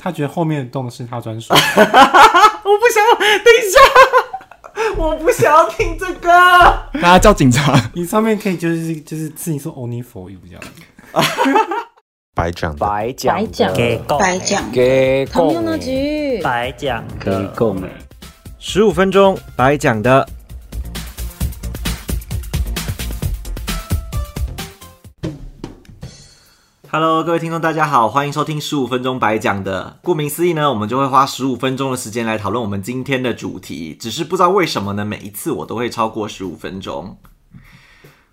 他覺得後面動的是他專屬。 我不想要等一下，我不想要聽這個。大家叫警察， 你上面可以就是就是自己說 only for you 這樣。白講白講白講給夠白講給夠美，白講給夠美，十五分鐘白講的。Hello，各位聽眾，大家好，歡迎收聽十五分鐘白講的。顧名思義呢，我們就會花十五分鐘的時間來討論我們今天的主題。只是不知道為什麼呢，每一次我都會超過十五分鐘。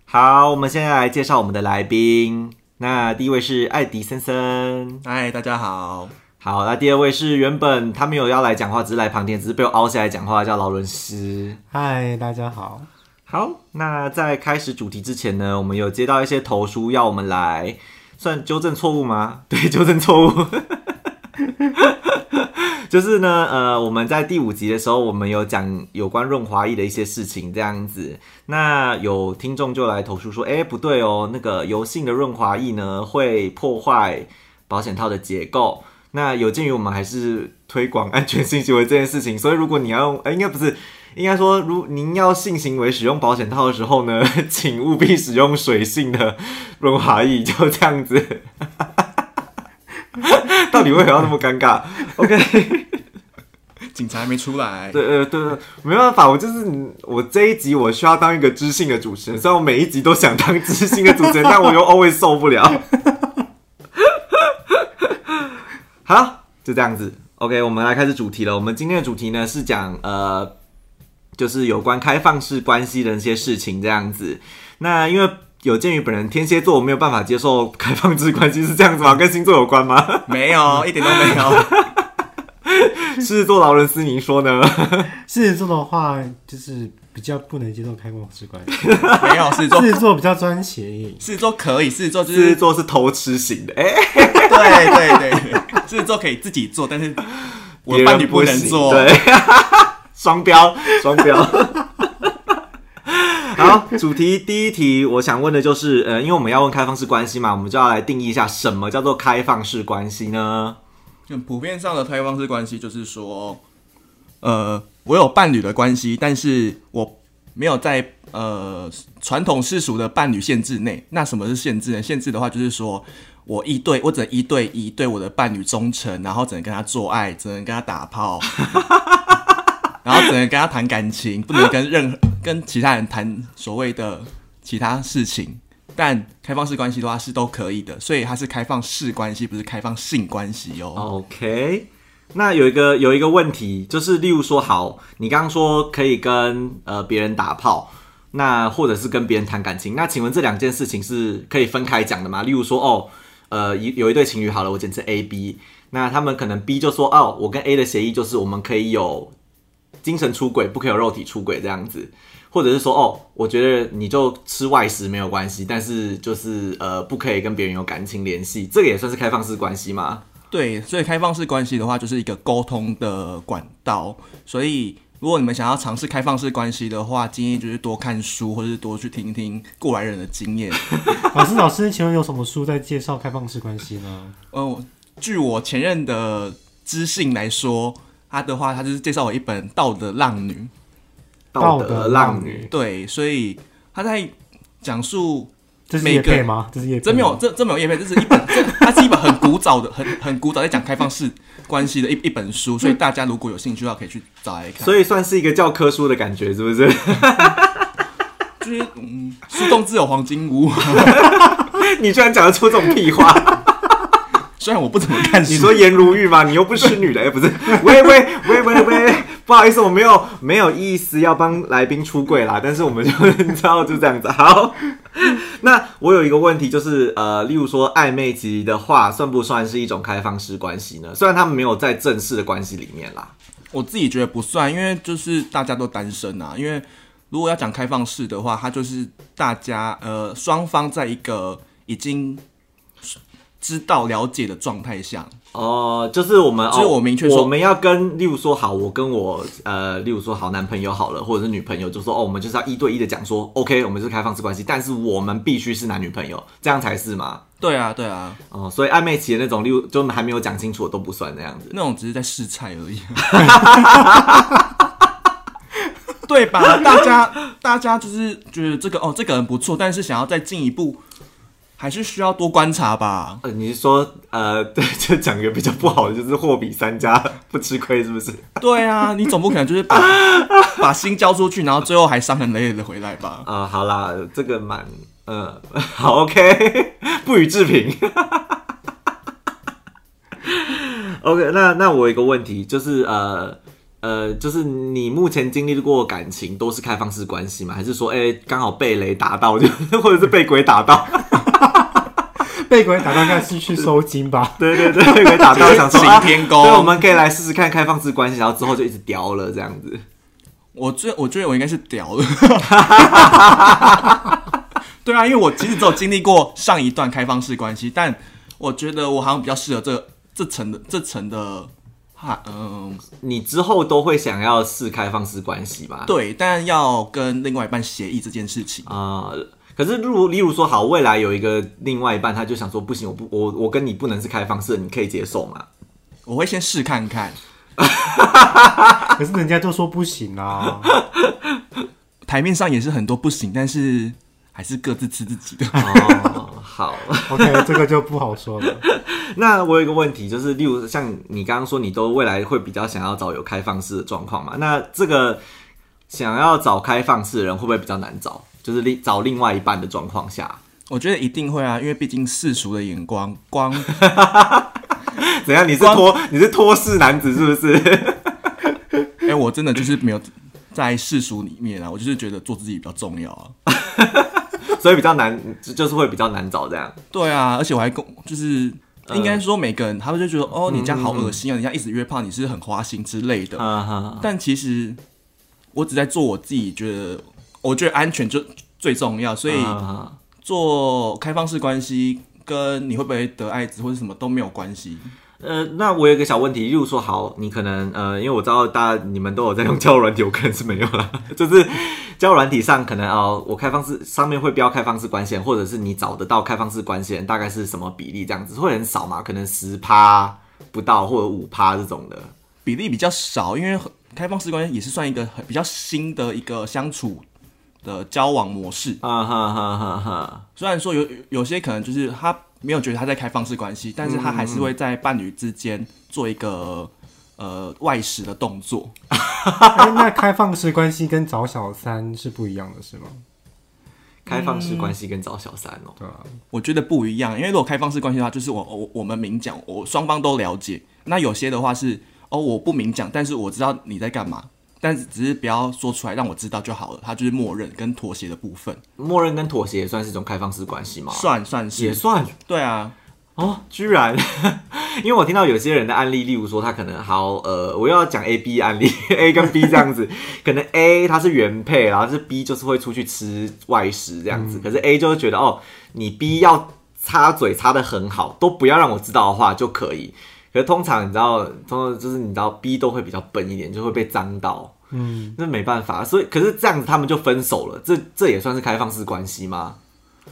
好，我們現在來介紹我們的來賓。那第一位是愛迪森森。嗨，大家好。好，那第二位是原本他沒有要來講話，只是來旁聽，只是被我凹下來講話，叫勞倫斯。嗨，大家好。好，那在開始主題之前呢，我們有接到一些投書要我們來。算糾正錯誤嗎？對，糾正錯誤， 就是呢，呃，我們在第五集的時候，我們有講有關潤滑液的一些事情，這樣子，那有聽眾就來投訴說，哎，不對哦，那個油性的潤滑液呢，會破壞保險套的結構，那有鑑於我們還是推廣安全性行為這件事情，所以如果你要用，哎，應該不是。應該說，如您要性行為使用保險套的時候呢，請務必使用水性的潤滑液。就這樣子。 到底為何要那麼尷尬？OK，警察還沒出來。對對、呃、對，沒辦法，我就是我這一集我需要當一個知性的主持人，雖然我每一集都想當知性的主持人， 但我又 always 受不了。 好，就這樣子。OK，我們來開始主題了。我們今天的主題呢是講呃。就是有關開放式關係的一些事情，這樣子。那因為有鑑於本人天蠍座，我沒有辦法接受開放式關係是這樣子嗎？嗯、跟星座有關嗎？沒有，一點都沒有。獅子 座勞倫斯，您說呢？獅子座的話，就是比較不能接受開放式關係。 沒有獅子座，獅子座比較專情。獅子座可以，獅子座，就是獅子座是偷吃型的。哎，對對對，獅子 座可以自己做，但是我伴侶不能做。對。 雙標，雙標。好，主題第一題，我想問的就是，呃，因為我們要問開放式關係嘛，我們就要來定義一下什麼叫做開放式關係呢？就普遍上的開放式關係，就是說，呃，我有伴侶的關係，但是我沒有在呃傳統世俗的伴侶限制內。那什麼是限制呢？限制的話，就是說我一對，我只能一對一對我的伴侶忠誠，然後只能跟他做愛，只能跟他打炮。 然後只能跟他談感情，不能跟任何跟其他人談所謂的其他事情。但開放式關係的話是都可以的，所以它是開放式關係，不是開放性關係喲、哦。OK，那有一個有一個問題，就是例如說，好，你剛剛說可以跟呃別人打炮，那或者是跟別人談感情，那請問這兩件事情是可以分開講的嗎？例如說，哦，呃，有有一對情侶好了，我簡稱 A B，那他們可能 B 就說，哦，我跟 A 的協議就是我們可以有。精神出軌不可以有肉體出軌這樣子，或者是說哦，我覺得你就吃外食沒有關係，但是就是呃，不可以跟別人有感情聯繫，這個也算是開放式關係嗎？對，所以開放式關係的話，就是一個溝通的管道。所以如果你們想要嘗試開放式關係的話，建議就是多看書，或者是多去聽聽過來人的經驗。 老師，老師，請問有什麼書在介紹開放式關係嗎？嗯、呃，據我前任的知性來說。他的話，他就是介紹我一本《道德浪女》，《道德浪女》對，所以他在講述一這是業配嗎？這是業配？真沒有，這真沒有業配，這是一本這它是一本很古早的 很很古早在講開放式關係的一一本書，所以大家如果有興趣的話，可以去找來看，所以算是一個教科書的感覺，是不是？ 就是樹、嗯、洞自有黃金屋， 你居然講得出這種屁話！ 雖然我不怎麼看，你說顏如玉嘛，你又不是女的，欸，哎，對，不是，喂喂喂喂喂，不好意思，我沒有沒有意思要幫來賓出櫃啦，但是我們就你知道就這樣子。好，那我有一個問題，就是呃，例如說曖昧級的話，算不算是一種開放式關係呢？雖然他們沒有在正式的關係裡面啦，我自己覺得不算，因為就是大家都單身啊。因為如果要講開放式的話，它就是大家呃雙方在一個已經。知道了解的狀態下哦、呃，就是我們，我哦，我明確說我們要跟，例如說好，我跟我呃，例如說好男朋友好了，或者是女朋友，就說哦，我們就是要一對一的講說，OK，我們是開放式關係，但是我們必須是男女朋友，這樣才是嘛？對啊，對啊，對啊，哦，所以曖昧期的那種，例如就我們還沒有講清楚的都不算那樣子，那種只是在試菜而已， 對吧？大家大家就是覺得這個哦，這個很不錯，但是想要再進一步。還是需要多觀察吧。呃，你說，呃，對，這講一個比較不好的，就是貨比三家不吃虧，是不是？對啊，你總不可能就是把 把心交出去，然後最後還傷痕累累的回來吧？啊、呃，好啦，這個蠻，呃，好，OK，不予置評。 OK，那那我有一個問題就是，呃，呃，就是你目前經歷過感情都是開放式關係嗎？還是說，哎、欸，剛好被雷打到就，就或者是被鬼打到？ 被鬼打到應該是去收金吧？ 對對對，被鬼打到想天公，所以 我們可以來試試看開放式關係，然後之後就一直屌了這樣子。我最我覺得我應該是屌了， 對啊，因為我其實只有經歷過上一段開放式關係，但我覺得我好像比較適合這這層的這層的哈嗯。呃、你之後都會想要試開放式關係吧？對，但要跟另外一半協議這件事情啊。嗯可是如，如例如說，好，未來有一個另外一半，他就想說，不行，我不，我我跟你不能是開放式的，你可以接受嗎？我會先試看看。 可是人家都說不行啊， 台面上也是很多不行，但是還是各自吃自己的。哦、 oh, 好，好，OK，這個就不好說了。 那我有一個問題，就是例如像你剛剛說，你都未來會比較想要找有開放式的狀況嘛？那這個想要找開放式的人，會不會比較難找？就是另找另外一半的狀況下，我覺得一定會啊，因為畢竟世俗的眼光，光怎樣？ 你是脫光你是脫世男子是不是？哎、欸，我真的就是沒有在世俗裡面啊，我就是覺得做自己比較重要啊， 所以比較難，就是會比較難找這樣。對啊，而且我還跟就是應該說每個人他們就覺得、呃、哦，你這樣好噁心啊，這樣、嗯嗯嗯、一直約炮，你是很花心之類的。啊、哈哈但其實我只在做我自己覺得。我覺得安全就最重要，所以做開放式關係跟你會不會得艾滋或者什麼都沒有關係。呃，那我有一個小問題，就是說，好，你可能呃，因為我知道大家你們都有在用交友軟體、嗯、我可能是沒有啦。就是交友軟體上可能哦，我開放式上面會標開放式關係，或者是你找得到開放式關係，大概是什麼比例這樣子，會很少嘛？可能十趴不到，或者五趴這種的比例比較少，因為開放式關係也是算一個比較新的一個相處。的交往模式，啊哈哈哈！哈雖然說有有些可能就是他沒有覺得他在開放式關係，但是他還是會在伴侶之間做一個、嗯、呃外食的動作。 那開放式關係跟找小三是不一樣的，是嗎？嗯、開放式關係跟找小三哦，對啊，我覺得不一樣，因為如果開放式關係的話，就是我我我們明講，我雙方都了解。那有些的話是哦，我不明講，但是我知道你在幹嘛。但是只是不要說出來，讓我知道就好了。他就是默認跟妥協的部分。默認跟妥協也算是一種開放式關係嗎？算，算是也算。對啊。哦，居然， 因為我聽到有些人的案例，例如說他可能好，呃，我又要講 A B 案例 ，A 跟 B 這樣子，可能 A 他是原配，然後是 B 就是會出去吃外食這樣子。嗯、可是 A 就會覺得，哦，你 B 要擦嘴擦的很好，都不要讓我知道的話就可以。可是通常你知道，通常就是你知道 B 都會比較笨一點，就會被髒到。嗯，那沒辦法，所以可是這樣子他們就分手了，這這也算是開放式關係嗎？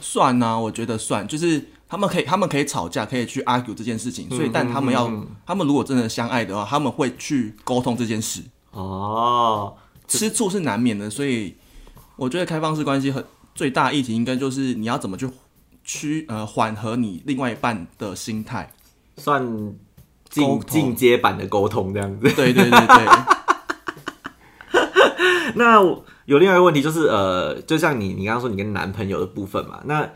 算啊，我覺得算，就是他們可以，他們可以吵架，可以去 argue 這件事情，所以、嗯、但他們要，嗯、他們如果真的相愛的話，他們會去溝通這件事。哦，吃醋是難免的，所以我覺得開放式關係很最大議題，應該就是你要怎麼去去呃緩和你另外一半的心態。算進通進階版的溝通這樣子，對，對對對對。 那有另外一個問題就是，呃，就像你你剛剛說你跟男朋友的部分嘛，那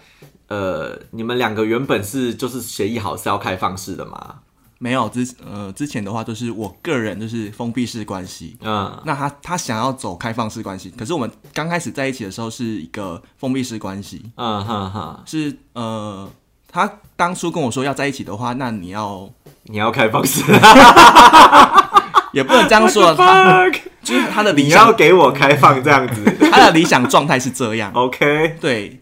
呃，你們兩個原本是就是協議好是要開放式的嗎？沒有，之呃之前的話就是我個人就是封閉式關係，嗯，那他他想要走開放式關係，可是我們剛開始在一起的時候是一個封閉式關係，嗯，嗯哈哈，嗯嗯、是呃他當初跟我說要在一起的話，那你要你要開放式， 也不能這樣說他 f 就是他的理想，你要給我開放這樣子， 他的理想狀態是這樣。OK，對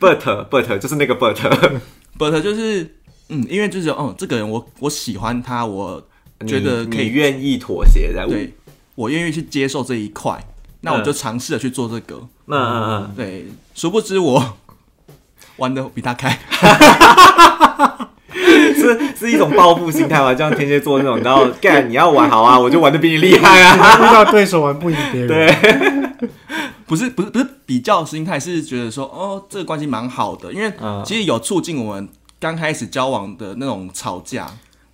，but but 就是那個 but but 就是嗯，因為就是哦、嗯，這個人我我喜歡他，我覺得可以願意妥協的，對，我願意去接受這一塊，那我就嘗試着去做這個。那對，殊不知我玩的比他開。 是是一種報復心態吧，就像天蠍座那種，然後幹你要玩好啊，我就玩得比你厲害啊，對手玩不贏別人。對，不是不是不是比較心態，是覺得說哦，這個關係蠻好的，因為其實有促進我們剛開始交往的那種吵架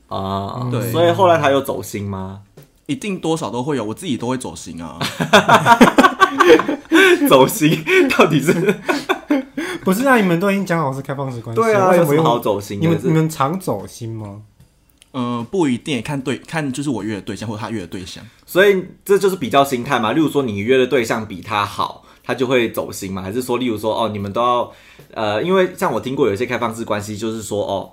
啊，uh, um, 對，所以後來他有走心嗎？一定多少都會有，我自己都會走心啊， 走心到底是。不是啊，你們都已經講好是開放式關係，對啊，為什麼不好走心。你們這你們常走心嗎？嗯、呃，不一定，看對看就是我約的對象或者他約的對象，所以這就是比較心態嘛。例如說你約的對象比他好，他就會走心嘛？還是說例如說哦，你們都要呃，因為像我聽過有些開放式關係就是說哦。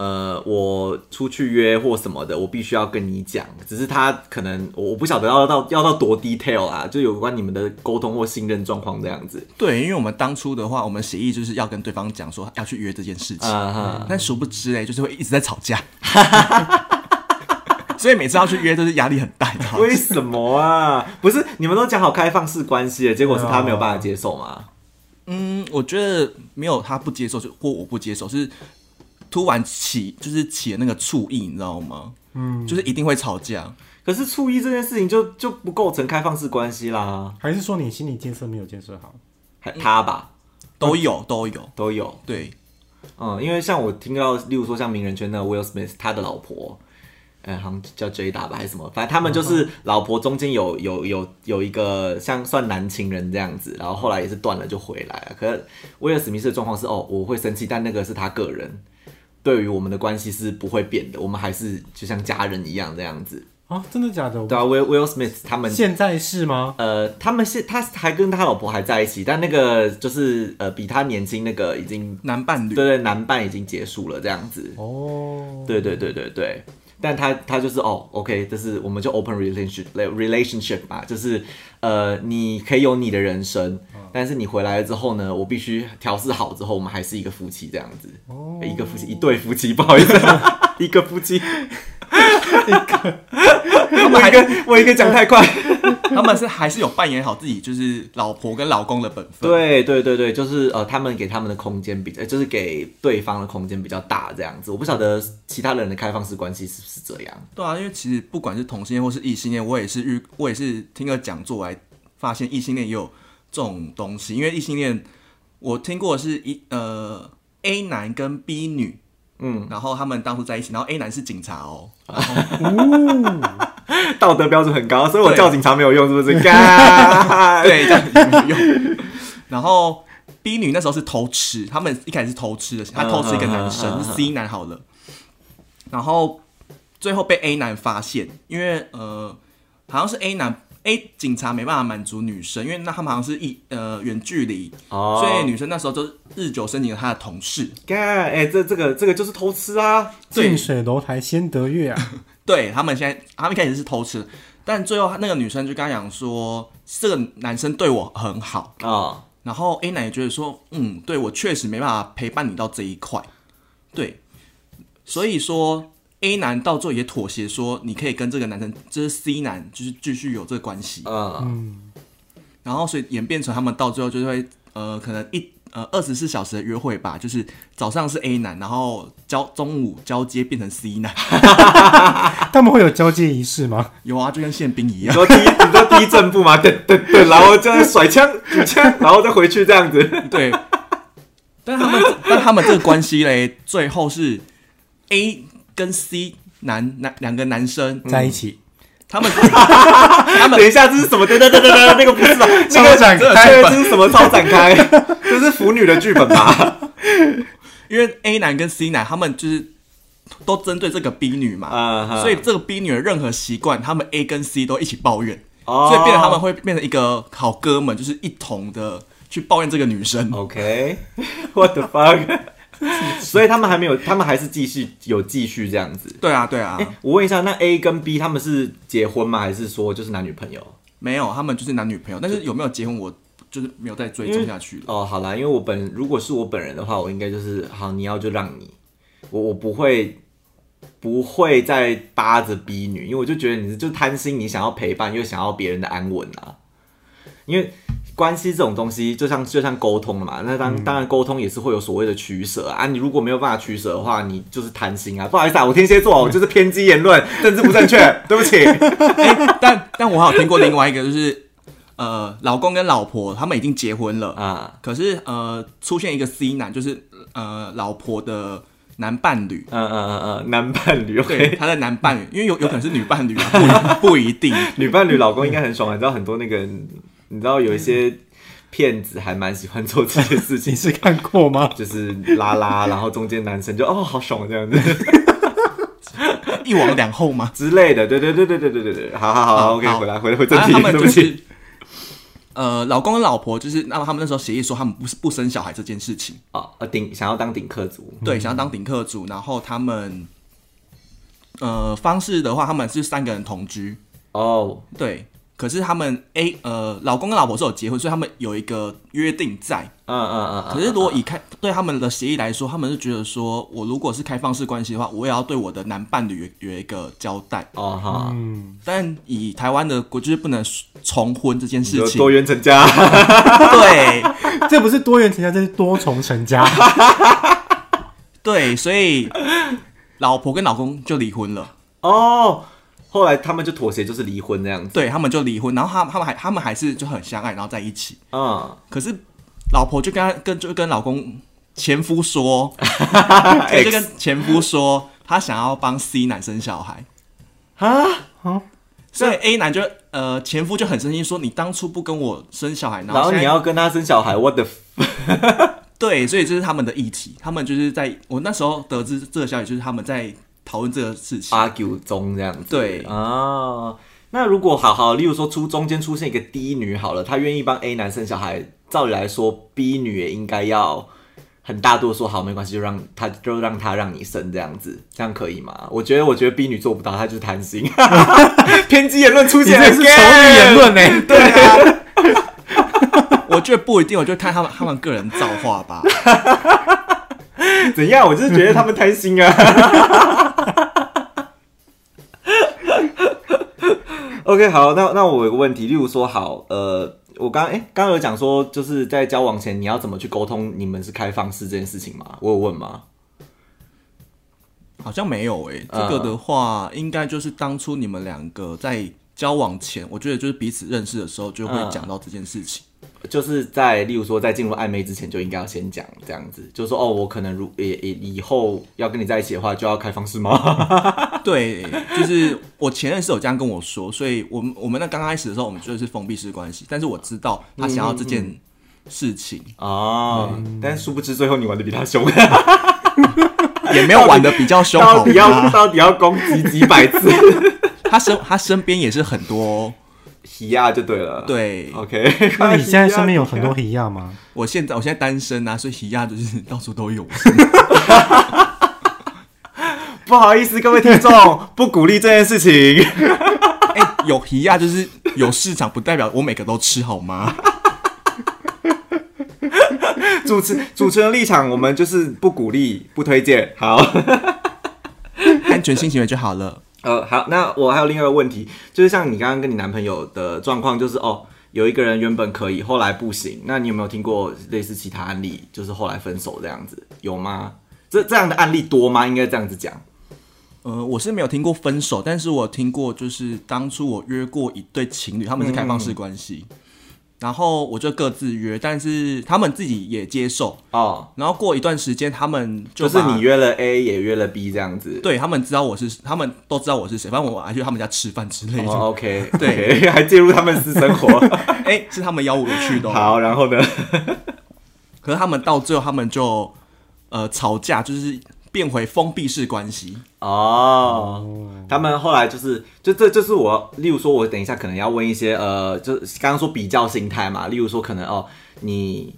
呃，我出去約或什麼的，我必須要跟你講。只是他可能我我不曉得要到要到多 detail 啊，就有關你們的溝通或信任狀況這樣子。對，因為我們當初的話，我們協議就是要跟對方講說要去約這件事情。Uh huh. 嗯、但殊不知嘞，就是會一直在吵架。 所以每次要去約都是壓力很大的。為什麼啊？不是你們都講好開放式關係了，結果是他沒有辦法接受嗎？Uh huh. 嗯，我覺得沒有，他不接受就或我不接受、就是。突然起，就是起了那個醋意，你知道嗎？嗯，就是一定會吵架。可是醋意這件事情就就不構成開放式關係啦？還是說你心理建設沒有建設好？還他吧，都有都有都有。都有都有對，嗯，因為像我聽到，例如說像名人圈的 Will Smith 他的老婆，嗯、欸，好像叫 Jada 吧還是什麼，反正他們就是老婆中間有有有有一個像算男情人這樣子，然後後來也是斷了就回來了。可是威爾史密斯的狀況是哦，我會生氣，但那個是他個人。對於我們的關係是不會變的，我們還是就像家人一樣這樣子啊，真的假的？對啊，Will Will Smith 他們現在是嗎？呃，他們現他還跟他老婆還在一起，但那個就是呃，比他年輕那個已經男伴侶，對對，男伴已經結束了這樣子哦，對對對對對。但他他就是哦，OK，就是我們就 open relationship relationship 吧，就是呃，你可以有你的人生，但是你回來了之後呢，我必須調試好之後，我們還是一個夫妻這樣子，Oh. 一個夫妻一對夫妻，不好意思，哈哈哈，一個夫妻。.我一個，我一個講太快。他們還是 他們還是有扮演好自己，就是老婆跟老公的本分。 對對對對，就是呃，他們給他們的空間比較，就是給對方的空間比較大，這樣子。我不曉得其他人的開放式關係是不是這樣。對啊，因為其實不管是同性戀或是異性戀，我也是遇，我也是聽個講座來發現異性戀也有這種東西。因為異性戀，我聽過是，一呃 A 男跟 B 女。嗯，然後他們當初在一起，然後 A 男是警察哦，哦， 道德標準很高，所以我叫警察沒有用，是不是？對，叫警察幹 沒有用。 然後 B 女那時候是偷吃，他們一開始是偷吃的，他偷吃一個男生、啊啊啊啊、C 男好了，然後最後被 A 男發現，因為呃，好像是 A 男。哎，警察沒辦法滿足女生，因為那他們好像是一呃遠距離，oh. 所以女生那時候就日久生情，了。她的同事。看，哎，這這個這個就是偷吃啊！近對水樓台先得月啊！ 對他們現在，他們一開始是偷吃，但最後那個女生就剛剛講說，這個男生對我很好啊。Oh. 然後 A 奶也覺得說，嗯，對我確實沒辦法陪伴你到這一塊，對，所以說。A 男到最後也妥協說，你可以跟這個男生，這、就是 C 男，就是繼續有這個關係。嗯、然後所以演變成他們到最後就是會，呃，可能一呃二十四小時的約會吧，就是早上是 A 男，然後交中午交接變成 C 男。 他們會有交接儀式嗎？有啊，就像憲兵一樣。你知道第一你知道第一正步嘛，對對對，然後這樣甩槍，槍，然後再回去這樣子。對， 但他們但他們這個關係嘞，最後是 A。跟 C 男男，兩個男生、嗯、在一起，他們他們 等一下，這是什麼？對對對對，那個不是啊，超展開真的是，這是什麼？超展開， 這是腐女的劇本吧？因為 A 男跟 C 男他們就是都針對這個 B 女嘛，uh huh. 所以這個 B 女的任何習慣，他們 A 跟 C 都一起抱怨，oh. 所以變得他們會變成一個好哥們，就是一同的去抱怨這個女生。OK，What、okay. the fuck？ 所以他們還沒有，他們還是繼續有繼續這樣子。對啊，對啊、欸。我問一下，那 A 跟 B 他們是結婚嗎？還是說就是男女朋友？沒有，他們就是男女朋友。但是有沒有結婚我，我就是沒有再追究下去了哦，好啦，因為我本如果是我本人的話，我應該就是好，你要就讓你，我我不會不會再扒着 B 女，因為我就覺得你就貪心，你想要陪伴又想要別人的安穩啊，因為。關係這種東西，就像就像溝通了嘛。那當然、嗯、當然，溝通也是會有所謂的取捨啊。你如果沒有辦法取捨的話，你就是貪心啊。不好意思啊，我天蠍座哦，我就是偏激言論，政治 不正確，對不起。欸、但但我還有聽過另外一個，就是 呃，老公跟老婆他們已經結婚了啊，可是呃，出現一個 C 男，就是呃，老婆的男伴侶，嗯、嗯、嗯、嗯男伴侶、okay，對，他的男伴侶，因為有有可能是女伴侶，不不一定， 女伴侶老公應該很爽， 你知道很多那個人。你知道有一些片子還蠻喜歡做這些事情，是看過嗎？就是拉拉，然後中間男生就哦好爽這樣子，一往兩後嘛之類的，對對對對對對對對，好好好，OK，回來回來回正題，他們就是。呃，老公跟老婆就是，那麼他們那時候協議說，他們不是不生小孩這件事情啊，呃，頂想要當頂客族，對，想要當頂客族，然後他們呃方式的話，他們是三個人同居哦，對。可是他們 A、欸、呃，老公跟老婆是有結婚，所以他們有一個約定在。嗯嗯嗯。嗯嗯，可是如果以開、嗯、對他們的協議來說，他們是覺得說，我如果是開放式關係的話，我也要對我的男伴侶有一個交代。哦哈。嗯。但以台灣的國就是不能重婚這件事情。有多元成家。 對，這不是多元成家，這是多重成家。 對，所以老婆跟老公就離婚了。哦。後來他們就妥協，就是離婚那樣子。對，他們就離婚，然後他他們還他們還是就很相愛，然後在一起。嗯。Oh. 可是老婆就跟他跟就跟老公前夫說， X. 就跟前夫說，他想要幫 C 男生小孩。啊？嗯。所以 A 男就呃前夫就很生氣，說你當初不跟我生小孩，然後，然後你要跟他生小孩，What the f。 對，所以這是他們的議題。他們就是在我那時候得知這個消息，就是他們在。討論這個事情八九中這樣子。對，對哦，那如果好好，例如說出中間出現一個 D 女好了，她願意幫 A 男生小孩，照理來說 B 女也應該要很大度說好，沒關係，就讓她，就讓她讓你生這樣子，這樣可以嗎？我覺得，我覺得 B 女做不到，她就是貪心， 偏激言論出現是醜 a game, 言論對啊，我覺得不一定，我就看他們他們個人造化吧。 怎樣？我就是覺得他們貪心啊。 OK，好，那那我有個問題，例如說，好，呃，我剛哎，剛，欸，有講說，就是在交往前你要怎麼去溝通，你們是開放式這件事情嗎？我有問嗎？好像沒有，欸，哎，這個的話，應該就是當初你們兩個在交往前，我覺得就是彼此認識的時候就會講到這件事情。就是在，例如說，在進入曖昧之前就應該要先講這樣子，就說哦，我可能如也也以，以後要跟你在一起的話，就要開放式嗎？對，就是我前任是有這樣跟我說，所以我們我們那剛開始的時候，我們覺得是封閉式關係，但是我知道他想要這件事情啊，但是殊不知最後你玩的比他凶，啊， 也沒有玩的比較凶，啊，到底要到底要攻擊幾百次， 他身他身邊也是很多。喜亞就對了，對，OK。那你現在身邊有很多喜亞嗎？我現在我現在單身啊，所以喜亞就是到處都有。 不好意思，各位聽眾，不鼓勵這件事情。哎、 欸，有喜亞就是有市場，不代表我每個都吃好嗎？ 主持主持人的立場，我們就是不鼓勵、不推薦，好， 安全性行為就好了。呃，好，那我還有另外一個問題，就是像你剛剛跟你男朋友的狀況，就是哦，有一個人原本可以，後來不行，那你有沒有聽過類似其他案例，就是後來分手這樣子，有嗎？這這樣的案例多嗎？應該這樣子講，呃，我是沒有聽過分手，但是我聽過，就是當初我約過一對情侶，他們是開放式關係。嗯然後我就各自約，但是他們自己也接受哦。Oh. 然後過一段時間，他們就，就是你約了 A 也約了 B 這樣子。對，他們知道我是，他們都知道我是誰。反正我還去他們家吃飯之類的。Oh, OK，對，okay. 對，還介入他們私生活。哎、 欸，是他們邀我去的。哦。好，然後呢？ 可是他們到最後，他們就呃吵架，就是。變回封閉式關係哦，oh, 他們後來就是，就這，就是我，例如說，我等一下可能要問一些，呃，就是剛剛說比較心態嘛，例如說，可能哦，你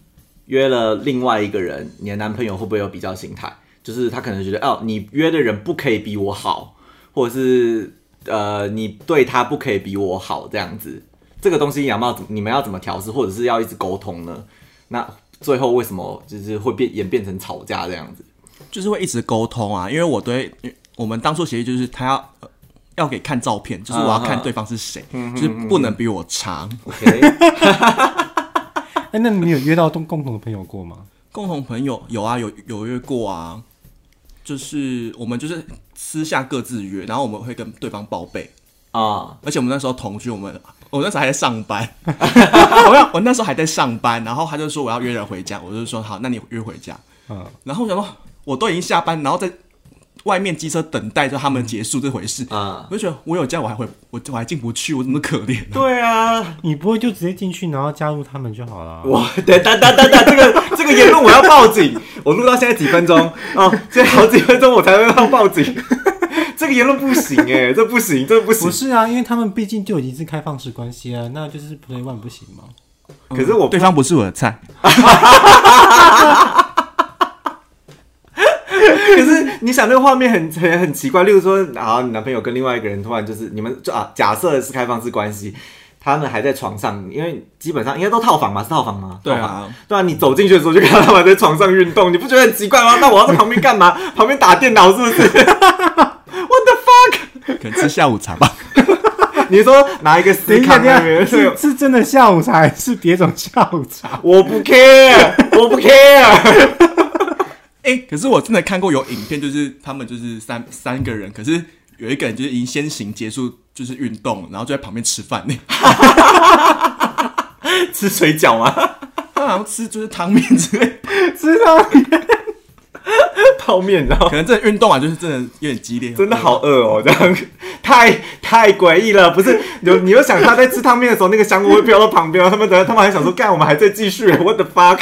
約了另外一個人，你的男朋友會不會有比較心態？就是他可能覺得，哦，你約的人不可以比我好，或者是呃，你對他不可以比我好這樣子。這個東西，楊茂，你們要怎麼調適，或者是要一直溝通呢？那最後為什麼就是會變演變成吵架這樣子？就是會一直溝通啊，因為我對我們當初協議就是他要、呃、要給看照片，就是我要看對方是誰，uh huh. 就是不能比我差 OK， 欸、那你有約到共共同的朋友過嗎？共同朋友有啊，有有約過啊，就是我們就是私下各自約，然後我們會跟對方報備啊。Uh huh. 而且我們那時候同居，我們我那時候還在上班，我 要 我那時候還在上班，然後他就說我要約人回家，我就說好，那你約回家。嗯、uh，huh. 然後我想說。我都已經下班，然後在外面機車等待着他們結束這回事。嗯、我就覺得我有家我還回我我還進不去，我怎麼可憐、啊？對啊，你不會就直接進去然後加入他們就好了、啊。我等等等等，這個這個言論我要報警。 我錄到現在幾分鐘啊，這、哦、好幾分鐘我才會放報警。 這個言論不行哎、欸，這不行，這不行。不是啊，因為他們畢竟就已經是開放式關係啊，那就是 play one 不行嘛、嗯、可是我對方不是我的菜。 可是你想那個畫面很很很奇怪，例如說，後、啊，你男朋友跟另外一個人突然就是你們就啊，假設是開放式關係，他們還在床上，因為基本上應該都套房嘛，是套房嘛，對吧、啊啊？對啊，你走進去的時候就看到他們在床上運動，你不覺得很奇怪嗎？ 那我要在旁邊幹嘛？ 旁邊打電腦是不是 ？What the fuck？可以吃下午茶吧？ 你說拿一個？司康呀？一下邊是是真的下午茶還是別種下午茶？我不 care，我不 care。 哎、欸，可是我真的看過有影片，就是他們就是三三個人，可是有一個人就是已經先行結束就是運動，然後就在旁邊吃飯， 吃水餃嗎？他好像吃就是湯面之類，吃湯面、泡麵，然後可能這運動啊，就是真的有點激烈，真的好餓哦、喔， 這樣太太詭異了，不是？ 有你又想他在吃湯麵的時候，那個香菇會飄到旁邊，他們等下，他們還想說幹，an, 我們還在繼續，What the fuck？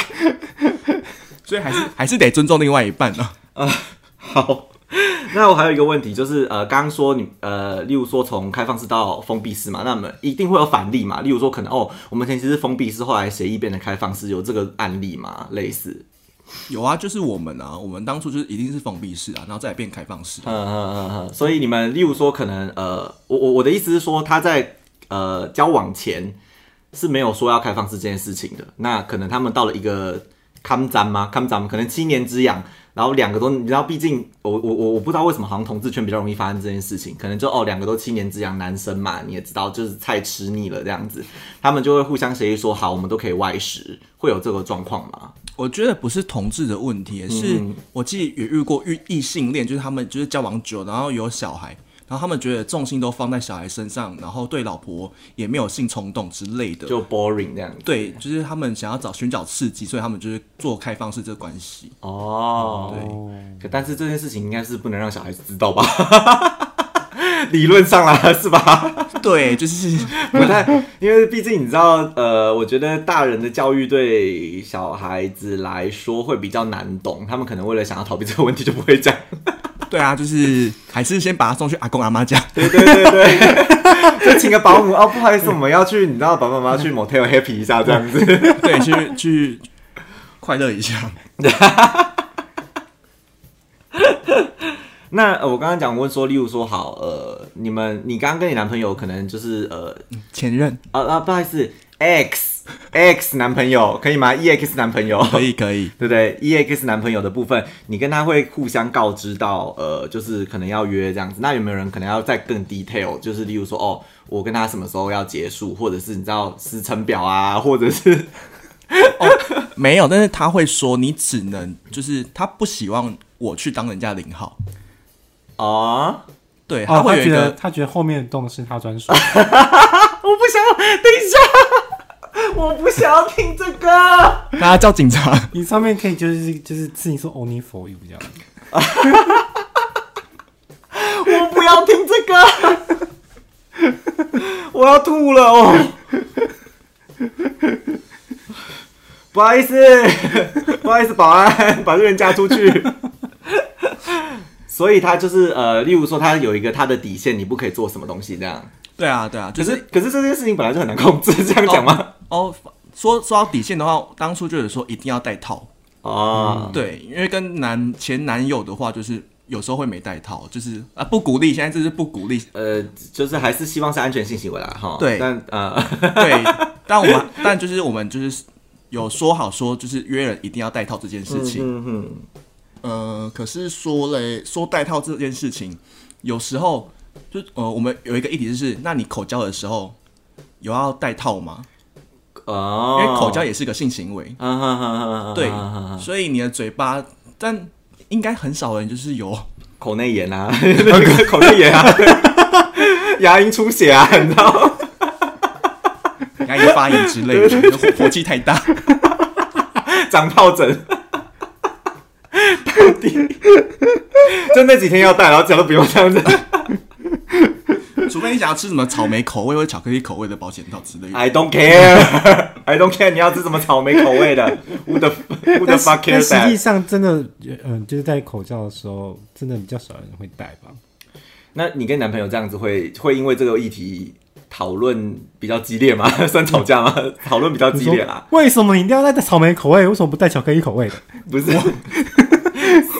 所以還是還是得尊重另外一半呢，啊。啊、呃，好，那我還有一個問題，就是呃，剛剛說你呃，例如說從開放式到封閉式嘛，那麼一定會有反例嘛？例如說可能哦，我們前期是封閉式，後來協議變成開放式，有這個案例嘛。類似？有啊，就是我們啊，我們當初就是一定是封閉式啊，然後再變開放式，啊嗯。嗯嗯嗯嗯。所以你們例如說可能呃，我我我的意思是說，他在呃交往前是沒有說要開放式這件事情的，那可能他們到了一個。康詹嗎？康詹可能七年之癢，然後兩個都你知道，畢竟我我我我不知道為什麼好像同志圈比較容易發生這件事情，可能就哦兩個都七年之癢，男生嘛你也知道就是菜吃膩了這樣子，他們就會互相協議說好，我們都可以外食，會有這個狀況嗎？我覺得不是同志的問題，也是我記得也遇過遇異性戀，就是他們就是交往久，然後有小孩。然後他們覺得重心都放在小孩身上，然後對老婆也沒有性衝動之類的，就 boring 那樣。對，就是他們想要找尋找刺激，所以他們就是做開放式這個關係。哦、oh, 嗯，對。可但是這件事情應該是不能讓小孩子知道吧？ 理論上來了是吧？對，就是不 太，因為畢竟你知道，呃，我覺得大人的教育對小孩子來說會比較難懂，他們可能為了想要逃避這個問題就不會講。 對啊，就是還是先把他送去阿公阿媽家。對對對對， 就請個保姆哦。不好意思，嗯、我們要去，你知道，爸爸媽媽去 motel happy 一下這樣子。嗯、 對，去去快樂一下。那我剛剛講，我問說，例如說，好，呃，你們，你剛剛跟你男朋友，可能就是呃，前任、呃、啊那不好意思，ex。X x 男朋友可以嗎？ex 男朋友可以可以，可以對不對？ex 男朋友的部分，你跟他會互相告知到，呃，就是可能要約這樣子。那有沒有人可能要再更 detail？就是例如說，哦，我跟他什麼時候要結束，或者是你知道時程表啊，或者是，哦、 沒有，但是他會說，你只能就是他不希望我去當人家零號啊。Uh? 對，哦、他會他覺得他覺得後面動的是他專屬。 我不想要等一下。我不想要聽這個。大家、啊、叫警察。你上面可以就是就是，自己說 only for you 這樣。 我不要聽這個。 我要吐了哦。 不好意思，不好意思，保安把這人架出去。 所以他就是呃，例如說他有一個他的底線，你不可以做什麼東西這樣。對啊，對啊，對、就、啊、是。可是可是這件事情本來就很難控制，這樣講嗎？哦哦，oh, 說說到底線的話，當初就是說一定要帶套啊，oh. 對，因為跟男前男友的話，就是有時候會沒帶套，就是啊不鼓勵，現在就是不鼓勵，呃，就是還是希望是安全性行為啦哈。對，但呃，對，但我們 但就是我們就是有說好說，就是約人一定要帶套這件事情。嗯，嗯，嗯，呃，可是說了說帶套這件事情，有時候就呃，我們有一個議題就是，那你口交的時候有要帶套嗎？因為口交也是個性行為，啊啊啊啊啊、對，啊啊啊、所以你的嘴巴，但應該很少人就是有口內炎啊， 口內炎啊， 牙齦出血啊，你知道，牙齦發炎之類的，對對對，火氣太大，對 長疱疹，就那幾天要戴，然後其他都不用這樣子。啊。除非你想要吃什麼草莓口味或巧克力口味的保險套之類的，I don't care，I don't care。 don 你要吃什麼草莓口味的？Who the Who the fuck can 帶？實際上，真的，嗯，就是戴口罩的時候，真的比較少人會戴吧。那你跟男朋友這樣子會會因為這個議題討論比較激烈嗎？嗯、 算吵架嗎？討論比較激烈啦、啊。為什麼一定要戴草莓口味？為什麼不戴巧克力口味的？不是，誰我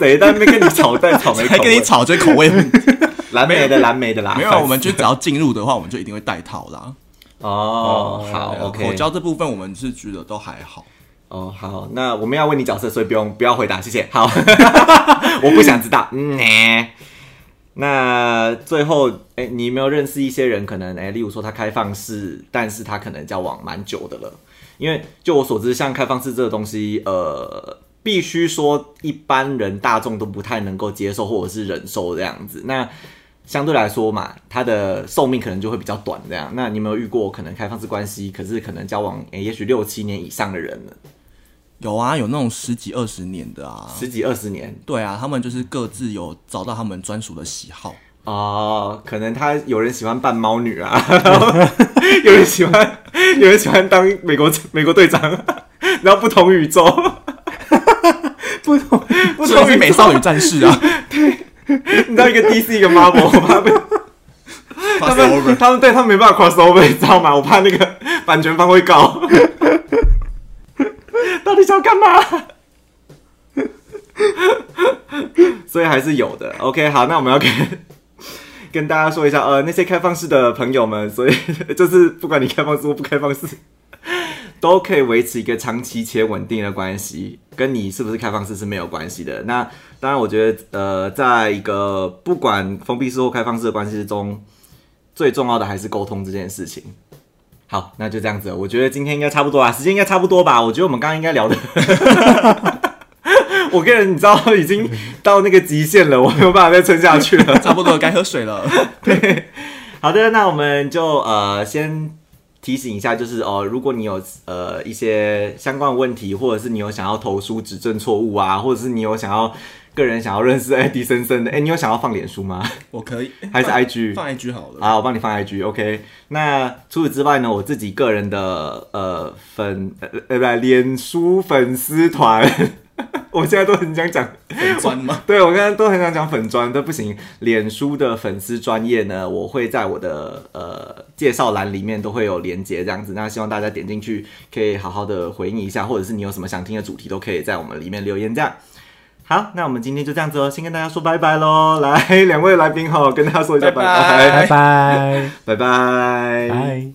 在那邊跟你吵，戴草莓還跟你吵，這口味？ 藍莓的、欸、藍莓的啦，沒有，是我們就只要進入的話，我們就一定會戴套啦。哦，哦好對，OK。口交這部分我們是覺得都還好。哦，好，那我們要問你角色，所以不用不要回答，謝謝。好， 我不想知道。 嗯，欸、那最後，哎、欸，你有沒有認識一些人，可能哎、欸，例如說他開放式，但是他可能交往蠻久的了。因為就我所知，像開放式這個東西，呃，必須說一般人大眾都不太能夠接受或者是忍受這樣子。那相對來說嘛，它的壽命可能就會比較短這樣。那你有沒有遇過可能開放式關係，可是可能交往、欸、也許六七年以上的人呢？有啊，有那種十幾二十年的啊。十幾二十年？對啊，他們就是各自有找到他們專屬的喜好啊。哦，可能他有人喜歡扮貓女啊， 有人喜歡有人喜歡當美國美國隊長，然後不同宇宙， 不同不同宇宙是美少女戰士啊， 對。你知道一個 DC 一個 Marvel， 我怕被，他們對他們沒辦法 cross over，知道嗎？我怕那個版權方會告。 到底想要幹嘛？ 所以還是有的。OK，好，那我們要跟跟大家說一下，呃，那些開放式的朋友們，所以就是不管你開放式或不開放式，都可以維持一個長期且穩定的關係，跟你是不是開放式是沒有關係的。那當然，我覺得呃，在一個不管封閉式或開放式的關係中，最重要的還是溝通這件事情。好，那就這樣子，我覺得今天應該差不多了，時間應該差不多吧。我覺得我們剛剛應該聊的， 我跟你你，你知道已經到那個極限了，我沒有辦法再撐下去了， 差不多該喝水了。 對，好的，那我們就呃先。提醒一下，就是哦，如果你有呃一些相關的問題，或者是你有想要投書指正錯誤啊，或者是你有想要個人想要認識愛、欸、迪森森的，哎、欸，你有想要放臉書嗎？我可以，還是 IG？放，放 IG 好了啊，我幫你放 IG，OK、OK。那除此之外呢，我自己個人的呃粉呃不對，臉書粉絲團。 我現在都很想講粉專嗎？ 對，我剛剛都很想講粉專，都不行。臉書的粉絲專頁呢，我會在我的呃介紹欄裡面都會有連結，這樣子。那希望大家點進去，可以好好的回應一下，或者是你有什麼想聽的主題，都可以在我們裡面留言。這樣好，那我們今天就這樣子哦，先跟大家說拜拜嘍。來，兩位來賓吼，跟大家說一下拜拜拜拜拜拜。